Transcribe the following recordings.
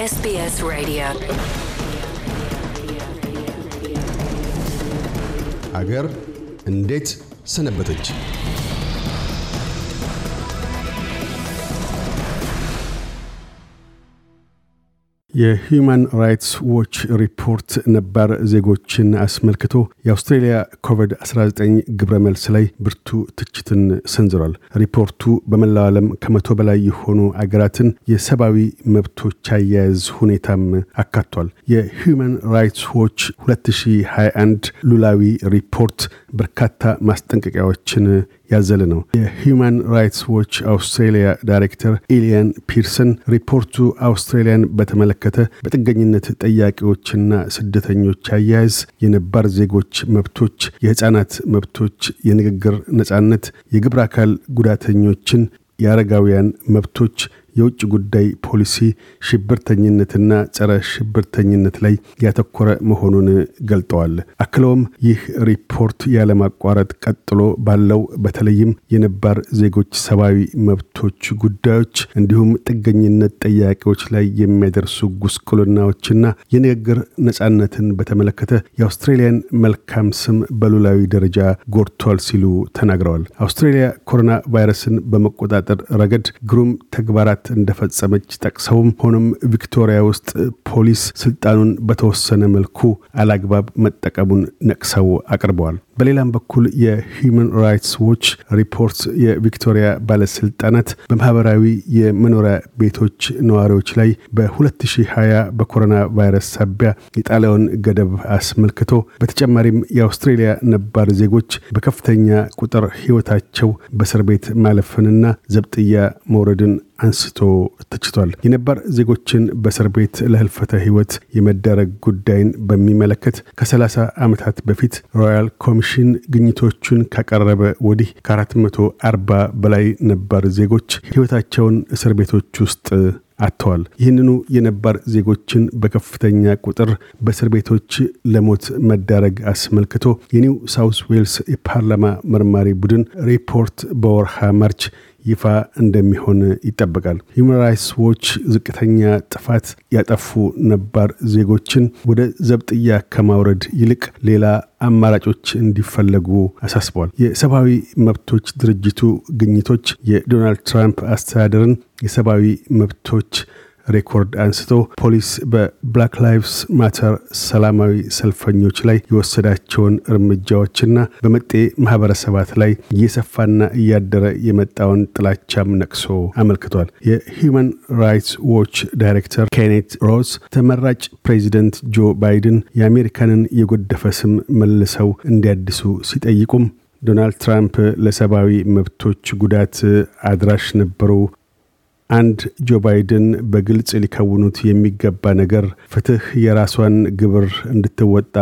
SBS Radio. አገር እንዴት ሰነበተች? የሂዩማን ራይትስ ዎች ሪፖርት ነባር ዜጎችን አስመልክቶ የአውስትሬልያ ኮቪድ-19 ግብረ መልስ ላይ ብርቱ ትችትን ሰንዝሯል። ሪፖርቱ በመላው ዓለም ከመቶ በላይ የሆኑ አገራትን የሰብአዊ መብቶች አያያዝ ሁኔታም አካቷል። የሂዩማን ራይትስ ዎች 2021 ሉላዊ ሪፖርት በርካታ ማስጠንቀቂያዎችን ያዘለ ነው። የሂዩማን ራይትስ ዎች አውስትሬሊያ ዳይሬክተር ኢሊያን ፒርሰን ሪፖርቱ አውስትሬሊያን በተመለከተ በጥገኝነት ጠያቂዎችና ስደተኞች አያያዝ፣ የነባር ዜጎች መብቶች፣ የህፃናት መብቶች፣ የንግግር ነጻነት፣ የግብረ አካል ጉዳተኞችን፣ የአረጋውያን መብቶች የውጭ ጉዳይ ፖሊሲ ሽብርተኝነትና ጸረ ሽብርተኝነት ላይ ያተኮረ መሆኑን ገልጠዋል። አክለውም ይህ ሪፖርት ያለማቋረጥ ቀጥሎ ባለው በተለይም የነባር ዜጎች ሰብአዊ መብቶች ጉዳዮች እንዲሁም ጥገኝነት ጠያቄዎች ላይ የሚያደርሱ ጉስቁልናዎችና የንግግር ነጻነትን በተመለከተ የአውስትሬልያን መልካም ስም በሉላዊ ደረጃ ጎድቷል ሲሉ ተናግረዋል። አውስትሬልያ ኮሮና ቫይረስን በመቆጣጠር ረገድ ግሩም ተግባራት ጥቃት እንደፈጸመች ጠቅሰውም ሆኖም ቪክቶሪያ ውስጥ ፖሊስ ስልጣኑን በተወሰነ መልኩ አላግባብ መጠቀሙን ነቅሰው አቅርበዋል። በሌላም በኩል የሂዩማን ራይትስ ዎች ሪፖርት የቪክቶሪያ ባለስልጣናት በማህበራዊ የመኖሪያ ቤቶች ነዋሪዎች ላይ በ2020 በኮሮና ቫይረስ ሳቢያ የጣሊያውን ገደብ አስመልክቶ በተጨማሪም የአውስትሬሊያ ነባር ዜጎች በከፍተኛ ቁጥር ህይወታቸው በእስር ቤት ማለፍንና ዘብጥያ መውረድን አንስቶ ተችቷል። የነባር ዜጎችን በእስር ቤት ለህልፈተ ህይወት የመደረግ ጉዳይን በሚመለከት ከ30 ዓመታት በፊት ሮያል ኮሚ ኮሚሽን ግኝቶቹን ካቀረበ ወዲህ ከ440 በላይ ነባር ዜጎች ህይወታቸውን እስር ቤቶች ውስጥ አጥተዋል። ይህንኑ የነባር ዜጎችን በከፍተኛ ቁጥር በእስር ቤቶች ለሞት መዳረግ አስመልክቶ የኒው ሳውስ ዌልስ የፓርላማ መርማሪ ቡድን ሪፖርት በወርሃ ማርች ይፋ እንደሚሆን ይጠበቃል። ሂውማን ራይትስ ዎች ዝቅተኛ ጥፋት ያጠፉ ነባር ዜጎችን ወደ ዘብጥያ ከማውረድ ይልቅ ሌላ አማራጮች እንዲፈለጉ አሳስበዋል። የሰብአዊ መብቶች ድርጅቱ ግኝቶች የዶናልድ ትራምፕ አስተዳደርን የሰብአዊ መብቶች ሬኮርድ አንስቶ ፖሊስ በብላክ ላይቭስ ማተር ሰላማዊ ሰልፈኞች ላይ የወሰዳቸውን እርምጃዎችና በመጤ ማህበረሰባት ላይ እየሰፋና እያደረ የመጣውን ጥላቻም ነቅሶ አመልክቷል። የሂዩማን ራይትስ ዎች ዳይሬክተር ኬኔት ሮስ ተመራጭ ፕሬዚደንት ጆ ባይደን የአሜሪካንን የጎደፈ ስም መልሰው እንዲያድሱ ሲጠይቁም ዶናልድ ትራምፕ ለሰብአዊ መብቶች ጉዳት አድራሽ ነበሩ አንድ ጆ ባይደን በግልጽ ሊከውኑት የሚገባ ነገር ፍትህ የራሷን ግብር እንድትወጣ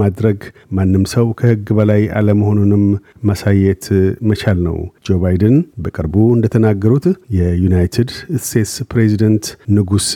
ማድረግ ማንም ሰው ከህግ በላይ አለመሆኑንም ማሳየት መቻል ነው። ጆ ባይደን በቅርቡ እንደተናገሩት የዩናይትድ ስቴትስ ፕሬዚደንት ንጉስ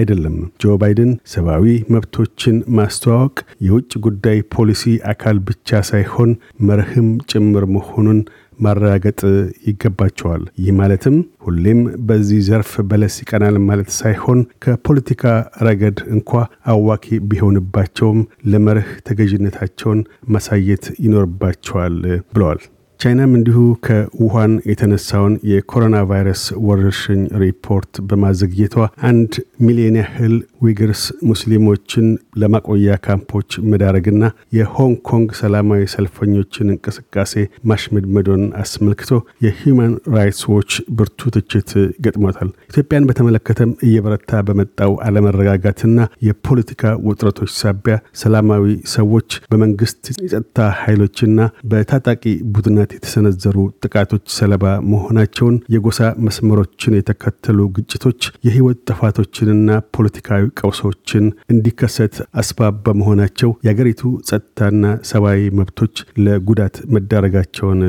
አይደለም። ጆ ባይደን ሰብአዊ መብቶችን ማስተዋወቅ የውጭ ጉዳይ ፖሊሲ አካል ብቻ ሳይሆን መርህም ጭምር መሆኑን ማረጋገጥ ይገባቸዋል። ይህ ማለትም ሁሌም በዚህ ዘርፍ በለስ ይቀናል ማለት ሳይሆን ከፖለቲካ ረገድ እንኳ አዋኪ ቢሆንባቸውም ለመርህ ተገዥነታቸውን ማሳየት ይኖርባቸዋል ብለዋል። ቻይናም እንዲሁ ከውሃን የተነሳውን የኮሮና ቫይረስ ወረርሽኝ ሪፖርት በማዘግየቷ አንድ ሚሊዮን ያህል ዊግርስ ሙስሊሞችን ለማቆያ ካምፖች መዳረግና የሆንግ ኮንግ ሰላማዊ ሰልፈኞችን እንቅስቃሴ ማሽመድመዶን አስመልክቶ የሂዩማን ራይትስ ዎች ብርቱ ትችት ገጥሞታል። ኢትዮጵያን በተመለከተም እየበረታ በመጣው አለመረጋጋትና የፖለቲካ ውጥረቶች ሳቢያ ሰላማዊ ሰዎች በመንግስት የጸጥታ ኃይሎችና በታጣቂ ቡድና በዘረኝነት የተሰነዘሩ ጥቃቶች ሰለባ መሆናቸውን፣ የጎሳ መስመሮችን የተከተሉ ግጭቶች የህይወት ጥፋቶችንና ፖለቲካዊ ቀውሶችን እንዲከሰት አስባብ በመሆናቸው የአገሪቱ ጸጥታና ሰብአዊ መብቶች ለጉዳት መዳረጋቸውን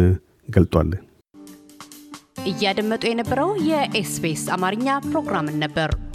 ገልጧል። እያደመጡ የነበረው የኤስቢኤስ አማርኛ ፕሮግራምን ነበር።